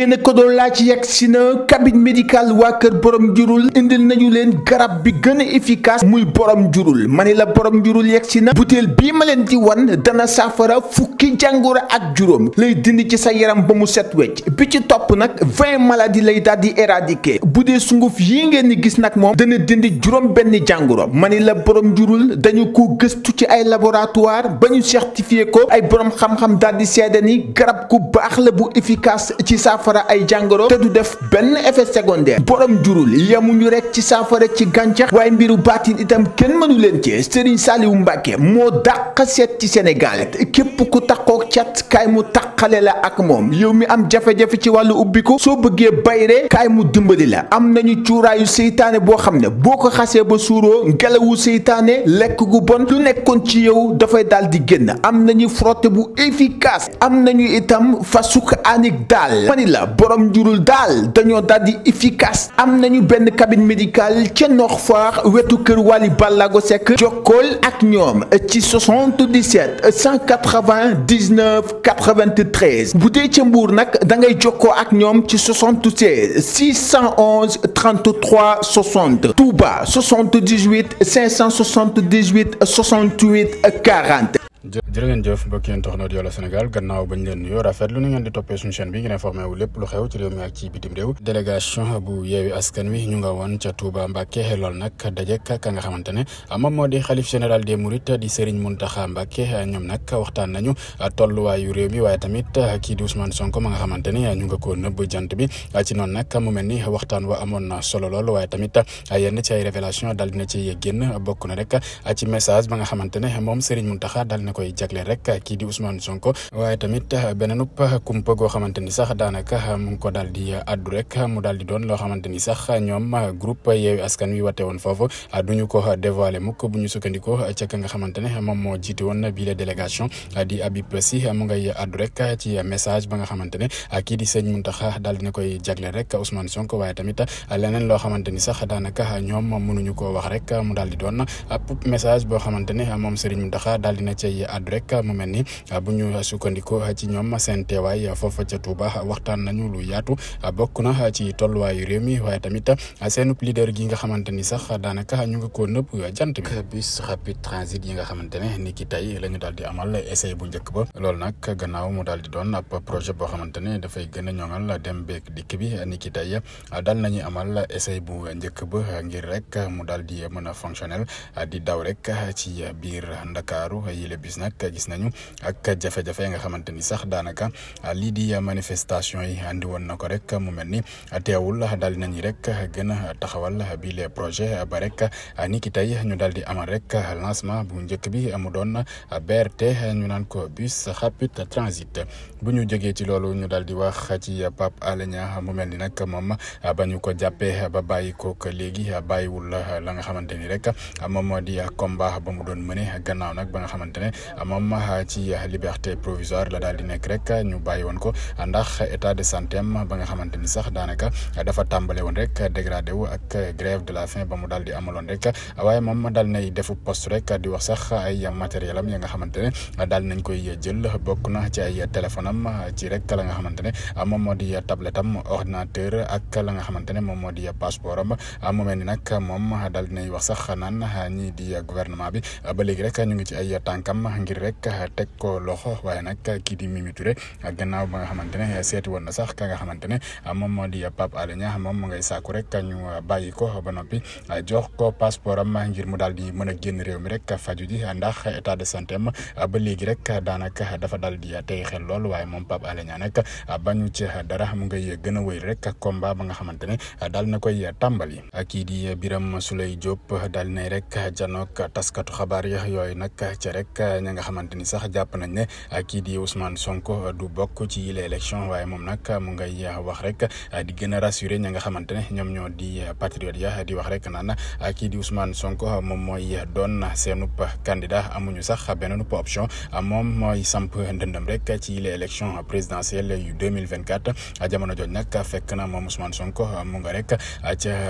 yéen a ko doon laaj yegg si na cabinet médical waa kër borom jurul indil nañu leen garab bi gën a efficace muy borom jurul ma ne la borom jurul yegg si na butéel bii ma leen di wan dana saafara fukki jàngoro ak juróom lay dindi ci sa yaram ba mu set wecc bi ci topp nag vingt maladies lay daal di éradiquer bu dee sunguf yi ngeen ni gis nag moom dana dindi juróom benn jàngoro mani ne la borom jurul dañu ko gëstu ci ay laboratoire ba ñu certifié ko ay boroom xam-xam daal di ni garab ku baax la bu efficace ci saafara saafara ay jàngoro te du def benn effet secondaire borom jurul yemuñu rek ci saafara ci gàncax waaye mbiru baatin itam kenn mënu leen ci Serigne Saliou Mbacke moo dàq seet ci Sénégal képp ku takkoo cat kaay mu takkale la ak moom yow mi am jafe-jafe ci wàllu ubbiku soo bëggee bayre kaay mu dimbali la am nañu cuuraayu seytaane boo xam ne boo ko xasee ba suuroo ngelawu seytaane lekk gu bon lu nekkoon ci yow dafay daal di génn am nañu frotte bu efficace am nañu itam fasuk anik la la borom njurul daal dañoo daal di am nañu benn cabine médical ca Nord Foire wetu kër Wally Ballago Seck jokkool ak ñoom ci 77 180 19 93 bu dee ca Mbour nag da ngay jokkoo ak ñoom ci 76 611 33 60 Touba 78 578 68 40. jërë ngeen jëf mbokk yéen toxnat Allô Sénégal gannaaw bañ leen a rafet lu nu ngeen di toppee suñu chaîne bi ngeen informé wu lépp lu xew ci réew mi ak ci bitim réew délégation bu yeewi ka nga xamante ne moom moo di xalif général des Mourides di Serigne Mountakha Mbacke ñoom nag waxtaan nañu tolluwaayu réew mi waaye tamit kii di Ousmane Sonko ma nga xamante ne ñu nga ko nëbb jant bi ci noonu nag mu mel ni waxtaan wa amoon na solo lool waaye tamit a yenn ci ay révélation daal dina ci génn bokk na rek ci message ba nga xamante ne moom Serigne Mountakha daal na koy jagleel rek a di Ousmane Sonko waaye tamit beneen kumpa goo xamante ni sax daanaka ko daal di addu rek mu daal di doon loo xamante ni sax ñoom groupe Yewwi Askan Wi wate woon foofu duñu ko dévoiler mukk bu ñu sukkandikoo ca ka nga xamante ne moom moo jiite woon bii la délégation di Habib mu ngay addu rek ba nga xamante ne kii di sëñ Mountakha daal dina koy jagleel rek Ousmane Sonko waaye tamit leneen loo xamante ni sax daanaka ñoom mënuñu koo wax rek mu daal di doon ab message boo xamante ne moom Serigne Mountakha daal dina cay ci àddu rek mu mel ni bu ñu sukkandiku ci ñoom seen teewaay foofa ca Touba waxtaan nañu lu yaatu bokk na ci tolluwaayu réew mi waaye tamit seen leader gi nga xamante ni sax daanaka ñu nga ko nëbb jant bi. bus rapide transit yi nga xamante ne ni ki tey la ñu daal di amal essai bu njëkk ba loolu nag gannaaw mu daal di doon ab projet boo xamante ne dafay gën a ñoŋal dem beek dikk bi ni ki tey daal nañu amal essai bu njëkk ba ngir rek mu daal di mën a fonctionnel di daw rek ci biir Ndakaaru yile bi bis nag gis nañu ak jafe-jafe nga xamante ni sax daanaka a lii di manifestation yi andi woon na ko rek mu mel ni teewul daal di nañu rek gën a taxawal bi les projets ba ni ki tey ñu daal di amal rek lancement bu njëkk bi mu doon BRT ñu naan ko bus rapide transit bu ñu jógee ci loolu ñu daal di wax ci Pape Alé Niang mu mel ni nag moom ba ñu ko jàppee ba bàyyi ko léegi bàyyiwul la la nga xamante ni rek moom moo di combat ba mu doon mëne gannaaw nag ba nga xamante ne moom ci liberté provisoire la daal di nekk rek ñu bàyyi woon ko ndax état de santé am ba nga xamante ni sax daanaka dafa tàmbale woon rek dégradé wu ak grève de la fin ba mu daal di amaloon rek waaye moom daal nay defu poste rek di wax sax matériel am ya nga xamante ne daal nañ koy jël bokk na ci ay téléphone am ci rek la nga xamante ne moom moo di tablette am ordinateur ak la nga xamante ne moom moo di passeport am mu mel ni nag moom daal di nay wax sax naan ñii di gouvernement bi ba léegi rek ñu ngi ci ay tànkam ngir rek ah, teg ko loxo waaye nag kii di Mimi Touré ah, gannaaw ba nga xamante ne ah, seeti woon na sax ka nga xamante ne moom moo di Pape Alé Niang moom mu ngay sàkku rek ñu bàyyi ko ba noppi jox ko passeport am ngir mu daal di mën a génn réew mi rek faju ji ndax état de santé am ba léegi rek daanaka dafa daal di tey xel lool waaye moom Pape Alé Niang a bañu ci dara mu ngay gën a wéy rek combat ba nga xamante ne daal na koy tàmbali kii di Birame Souleye Diop daal nay rek janook taskatu xabaar yi yooyu nag ci ña nga xamante ni sax jàpp nañ ne ak kii di Ousmane Sonko du bokk ci yile élection waaye moom nag mu ngay wax rek di gën a rassuré ña nga xamante ne ñoom ñoo di patriote ya di wax rek naan kii di Ousmane Sonko moom mooy doon seenub candidat amuñu sax beneen option moom mooy samp ndëndëm rek ci yile élection présidentielle yu 2024 jamono jooju nag fekk na moom Ousmane Sonko mu nga rek ca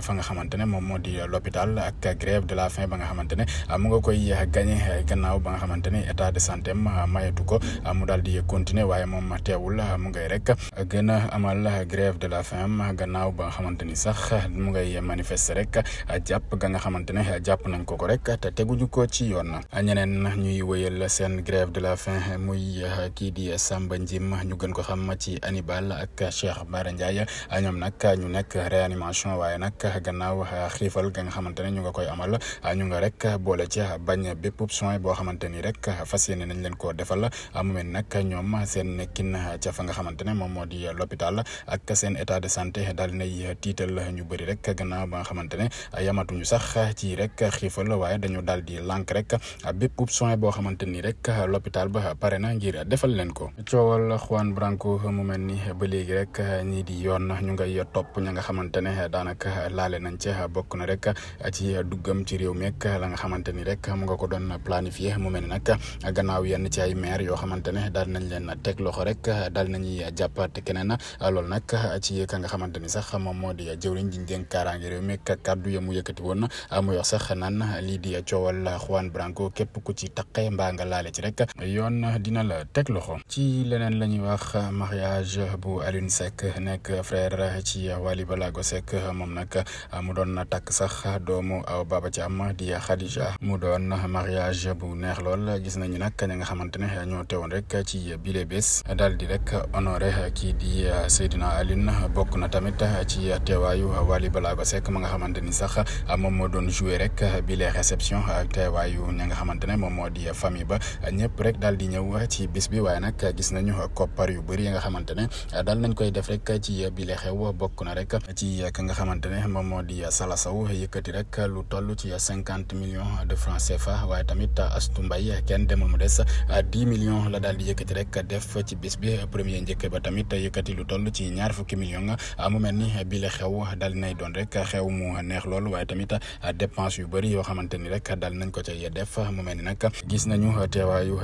fa nga xamante ne moom moo di l'hôpital ak grève de la fin ba nga xamante ne nga koy gagné gannaaw ba nga xamante xamante ne de santé ma mayatu ko mu daal di continuer waaye moom teewul mu ngay rek gën a amal grève de la faim gannaaw ba nga xamante ni sax mu ngay manifester rek jàpp ga nga xamante ne jàpp nañ ko ko rek te teguñu ko ci yoon ñeneen ñuy wëyal seen grève de la fin muy kii di Samba Njim ñu gën ko xam ci Hannibal ak Cheikh Bara Ndiaye ñoom nag ñu nekk réanimation waaye nag gannaaw xiifal ga nga xamante ne ñu nga koy amal a ñu nga rek boole ci bañ bépp soin boo xamante ni rek. nag fas yéene nañ leen koo defal mu mel nag ñoom seen nekkin ca fa nga xamante ne moom moo di l'hôpital ak seen état de santé daal nay tiital ñu bëri rek gannaaw ba nga xamante ne yamatuñu sax ci rek xiifal waaye dañu daal di lànk rek bépp soin boo xamante ni rek l'hôpital ba pare na ngir defal leen ko coowal Juan Branco mu mel ni ba léegi rek ñii di yoon ñu ngay topp ña nga xamante ne daanaka laale nañ ca bokk na rek ci duggam ci réew mek la nga xamante ni rek mu nga ko doon planifié mu mel ni nag nag gannaaw yenn ci ay maire yoo xamante ne daal nañ leen teg loxo rek daal nañuy jàppaate keneen loolu nag ci ka nga xamante ni sax moom moo di jëwriñ ji ñu dénk kaaraange réew mi kaddu ya mu yëkkati woon muy wax sax naan lii di coowal Juan Branco képp ku ci taqe mbaa nga laale ci rek yoon dina la teg loxo ci leneen la ñuy wax mariage bu Alioune Seck nekk frère ci Wally Ballago sek moom nag mu doon takk sax doomu aw Baba Thiam di Khadija mu doon mariage bu gis nañu nag ña nga xamante ne ñoo teewoon rek ci bile bés daal di rek honoré kii di euh, Seydina Alioune bokk na tamit ci teewaayu Wally Ballago Seck ma nga xamante ni sax moom moo doon joué rek bile réception teewaayu ña nga xamante ne moom moo di famille ba ñëpp rek daal di ñëw ci bis bi waaye nag gis nañu koppar yu bëri yi nga xamante ne daal nañ koy def rek ci bile xew bokk na rek ci ki nga xamante ne moom moo di Sala Sow yëkkati rek lu toll ci cinquante millions de francs fa waaye tamit Astou Mbaye kenn demul mu des ah, dix millions la daal di yëkkati rek def ci bis bi premier njëkk ba tamit yëkkati lu toll ci ñaar fukki millions ah, mu mel ni bi la xew daal di ni rek daal nañ ko a def mu mel ni nag gis nañu teewaayu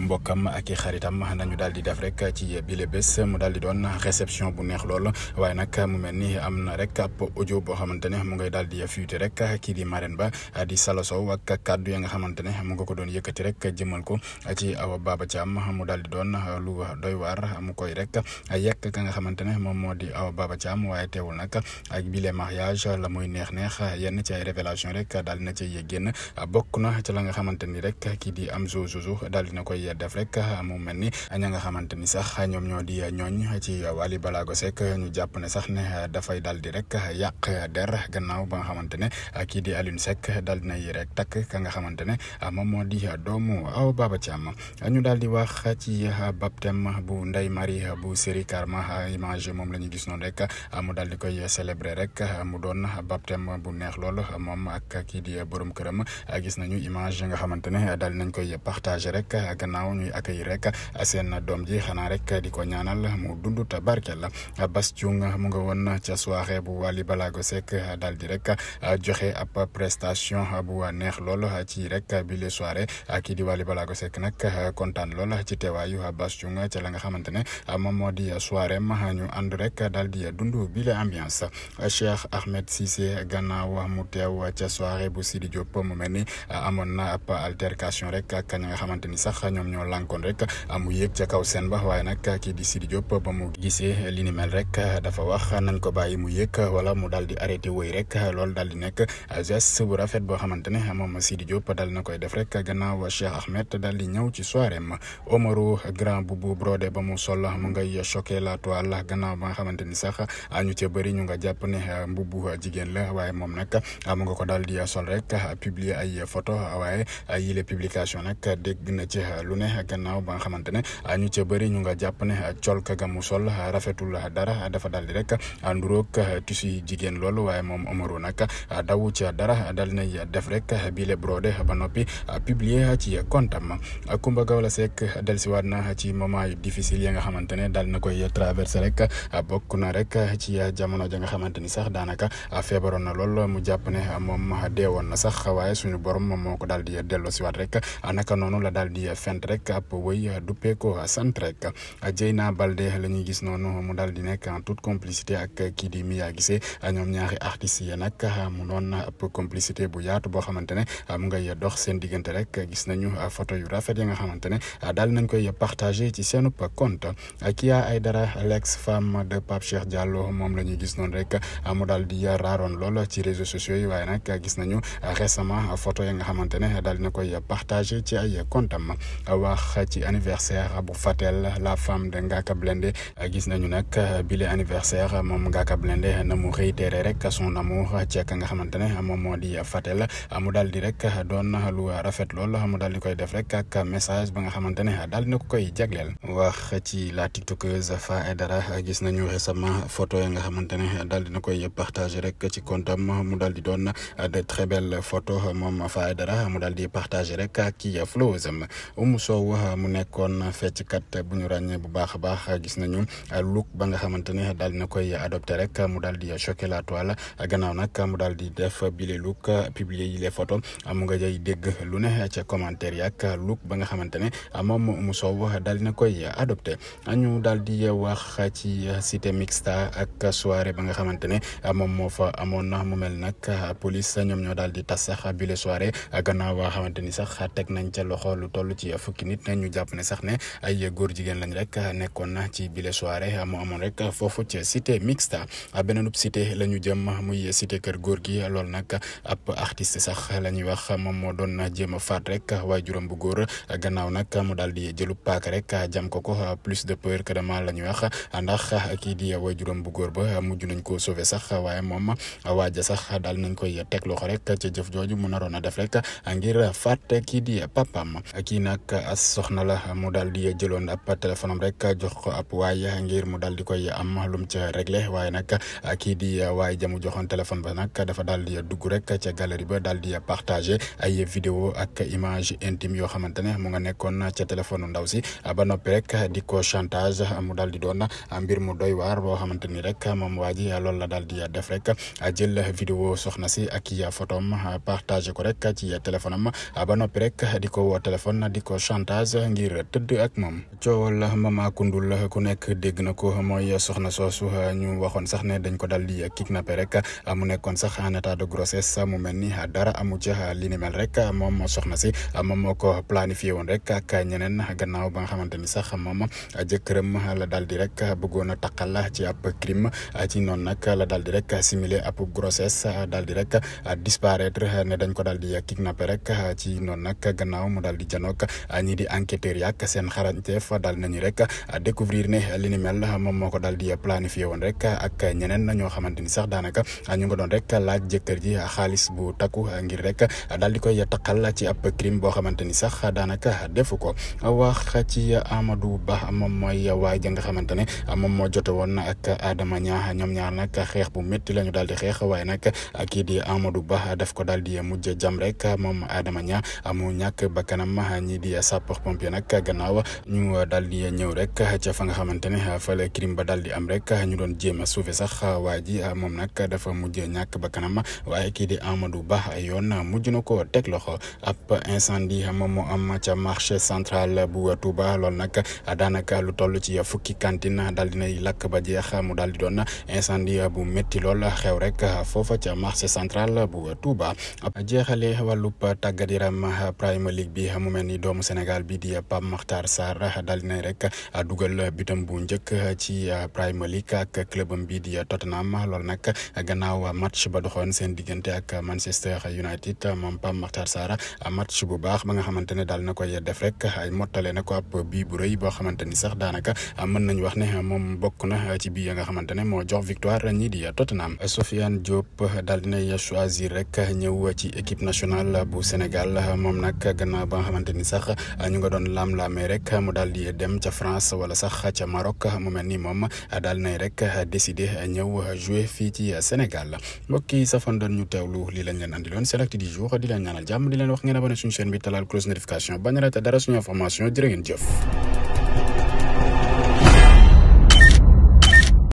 mbokkam ak i xaritam nañu daal def rek ci bile bés mu daal doon réception bu neex lool waaye nag mu mel ni am na rek ab audio boo xamante ne mu ngay daal di fuité rek a di marraine ba di Salo Sow ak kàddu ya nga xamante ne mu nga ko doon yëkkati. yëkkati rek jëmal ko ci Awa Baba Thiam mu daal di doon lu doy waar mu koy rek yekk ka nga xamante ne moom moo di Awa Baba Thiam waaye teewul nag ak bile mariage la muy neex-neex yenn ci ay révélation rek daal di na cay génn bokk na ci la nga xamante ni rek kii di Amzo Zouzou daal di na koy def rek mu mel ni ña nga xamante ni sax ñoom ñoo di ñooñ ci Wally Ballago Seck ñu jàpp ne sax ne dafay daal di rek yàq der gannaaw ba nga xamante ne kii di Alioune Seck daal di nay rek takk ka nga xamante ne moom moo di. doomu Awa Baba Thiam ñu daal di wax ci ah, baptême bu Ndeye Marie ah, bu série Karma ah, image moom la ñu gis noonu rek mu daal di koy célébrer rek mu doon baptême bu neex lool moom ak kii di borom këram gis nañu image nga xamante ne daal nañ koy partager rek gannaaw ñuy accueillir rek seen doom ji xanaa rek di ko ñaanal mu dund te barkeel la Bass Thioung mu nga woon ca soirée bu Wally Ballago Seck daal di rek joxe a prestation bu neex lool ci rek bi le soirée. kii di Wally Ballago Seck nag eh, kontaan lool ci teewaayu Bass Thioung a la nga xamante ne eh, moom moo di soirée ma eh, ñu ànd rek daal di dund bi la a Cheikh Ahmed Cissé gannaaw mu teew ca soirée bu Sidi Diop mu mel ni amoon na ab altercation rek ak ña nga xamante ni sax ñoom ñoo lànkoon rek mu yéeg ca kaw seen ba waaye nag kii di Sidi Diop ba mu gisee li ni mel rek dafa wax nañ ko bàyyi mu yëkk wala mu dal di arrêté woy rek loolu daal di nekk geste bu rafet boo xamante ne moom Sidi Diop Cheikh Ahmed daal di ñëw ci soirée ma Omaru grand boubou brodé ba mu sol mu ngay choqué la toile gannaaw ba nga xamante ni sax ñu ca bëri ñu nga jàpp ne mbubu jigéen la waaye moom nag mu nga ko daal di sol rek publier ay photo waaye yile publication nag dégg na ci lu ne gannaaw ba nga xamante ne ñu ca bëri ñu nga jàpp ne col ka ga mu sol rafetul dara dafa daal di rek nduróog tissu jigéen loolu waaye moom Omaru nag daw ca dara daal ba noppi publier. ci kontam Kumba Gawla Seck dellusiwaat na ci moment yu difficile yi nga xamante ne daal na koy na rek ci jamono ja nga xamante ni na lool mu jàpp ne moom deewoon na sax waaye suñu borom moom moo naka noonu la daal di fent rek ab wëy duppee ko sant rek la ñuy gis mu daal di nekk en toute complicité ak kii di Mia Guissé ñoom ñaari artistes yi a dox seen diggante rek. gis nañu euh, photo yu rafet ya nga xamante ne euh, daal nañ koy partagé ci seen compte euh, Kya Aidara l'ex femme de Pape Cheikh Diallo moom la ñuy gis noonu rek mu daal di raaroon lool ci réseaux sociaux yi waaye nag gis nañu récemment photo ya nga xamante ne daal dina koy partagé ci a ay compte am wax ci anniversaire bu Fatel la femme de Ngaka a gis nañu nag bile anniversaire moom Ngaka Blindé na mu réitéré rek son amour ci ka nga xamante ne moom moo a Fatel a daal di rek doon lu rafet mu daal di koy def rek ak message ba nga xamante ne daal na ko koy jagleel wax ci la tiktokeuse Fa Aidara gis nañu récemment photo ya nga xamante ne daal di na koy partagé rek ci comptam mu daal di doon de très belle photo moom Fa Aidara mu daal di partagé rek ci flowsam Oumou Sow mu nekkoon fecckat bu ñu ràññee bu baax a baax gis nañu look ba nga xamante ne daal di na koy adopté rek mu daal di choqué la gannaaw nag mu daal di def lu ne commentaire yi ak look ba nga xamante ne moom Oumou Sow daal dina koy adopté ñu daal di wax ci cité mixta ak soirée ba nga xamante ne moom moo fa amoon mu mel nag police ñoom ñoo daal di tas sax bile soirée gannaaw ba nga xamante ni sax teg nañ ca loxo lu toll ci fukki nit ñu jàpp ne sax ne ay góor jigéen lañ rek nekkoon na ci bile soirée mu amoon rek foofu ci cité mixta beneenub cité la ñu jëm muy cité kër góor gi loolu nag ab artiste sax la ñuy wax moom moo doon jéem a faat rek ak waajuram bu góor gannaaw nag mu daal di jëlu paaka rek jam ko ko plus de peur que de mal la ñuy wax ndax kii di waajuram bu góor ba mujj nañ koo sauver sax waaye moom ja sax daal nañ koy teg loxo rek ca jëf jooju mu naroon a def rek ngir faat kii di papam kii nag soxna la mu daal di jëloon ab téléphone am rek jox ko ab waay ngir mu daal di koy am lum ca waaye nag kii di waay jamu joxoon téléphone ba nag dafa daal di dugg rek ca galerie ba daal di partager message intime yoo xamante ne mu nga nekkoon ca téléphone ndaw si ba noppi rek a ko chantage mu daal di doon mbir mu doy waar boo xamante rek moom waa ji loolu la daal di def rek jël vidéo soxna si ak i photom partagé ko rek ci téléphone am ba noppi rek di ko woo téléphone di ko chantage ngir tëdd ak moom coowal mama kundul ku nekk dégg na ko mooy soxna soosu ñu waxoon sax ne dañ ko daal a kidnappé rek mu dara amu ca li rek moom soxna si moom moo ko planifié woon rek ak ñeneen gannaaw ba nga xamante ni sax moom jëkkëram la daal di rek bëggoon a taqal ci ab crime ci noonu nag la daal di rek simuler ab daal di rek disparaître ne dañ ko daal di kidnappé rek ci noonu nag gannaaw mu daal di janook ñii di enquêteurs yàq seen xarañteef daal nañu rek découvrir ne li ni mel moom moo ko daal di planifié woon rek ak ñeneen ñoo xamante ni sax daanaka ñu nga doon rek laaj jëkkër ji xaalis bu takku ngir rek daal di koy taqal ci ab crime boo xamante ni sax daanaka defu ko a wax xa ci Amadou Ba moom mooy waa ja nga xamante ne moom moo jote woon ak Adama Niang ñoom ñaar nag xeex bu métti la ñu daal di xeex waaye nag kii di Amadou Ba daf ko daal di mujj jam rek moom Adama Niang mu ñàkk bakkanam ñi di sapeur pompier nag gannaaw ñu daal ñëw rek fa nga xamante ne fa ba daal di am rek ñu doon jéem a suufe sax waa ji moom nag dafa mujj ñàkk bakkanam waaye kii na ko teg loxo ab incendie moom moo am ca marché central bu Touba loolu nag daanaka lu toll ci fukki cantine daal dinay lakk ba jeex mu daal di doon incendie bu métti lool xew rek foofa ca marché central bu Touba jeexale wàllub tàggat yaram Premier League bi mu mel ni doomu Sénégal bi di Pape Makhtar Sarr daal dinay rek dugal bitam bu njëkk ci Premier League ak clubam bi di Tottenham loolu nag gannaaw match ba doxoon seen diggante ak Manchester United moom Pape bu baax ba nga xamante ne daal na koy def rek mottale na ko ab bii bu rëy boo xamante ni sax daanaka mën nañu wax ne moom bokk na ci bii nga xamante moo jox victoire ñii di Tottenham Sofiane Diop daal dinay ci équipe nationale bu Sénégal moom nag gannaaw ba nga xamante ni sax ñu nga doon laam lame rek mu daal di dem ca France wala sax ca Maroc mu mel ni moom daal nay rek décidé ñëw jouer fii ci Sénégal mbokk yi safoon doon ñu teewlu lii lañ di leen ñaanal di leen chaîne bi talaal close notification bañ a rate dara suñu information jërë ngeen jëf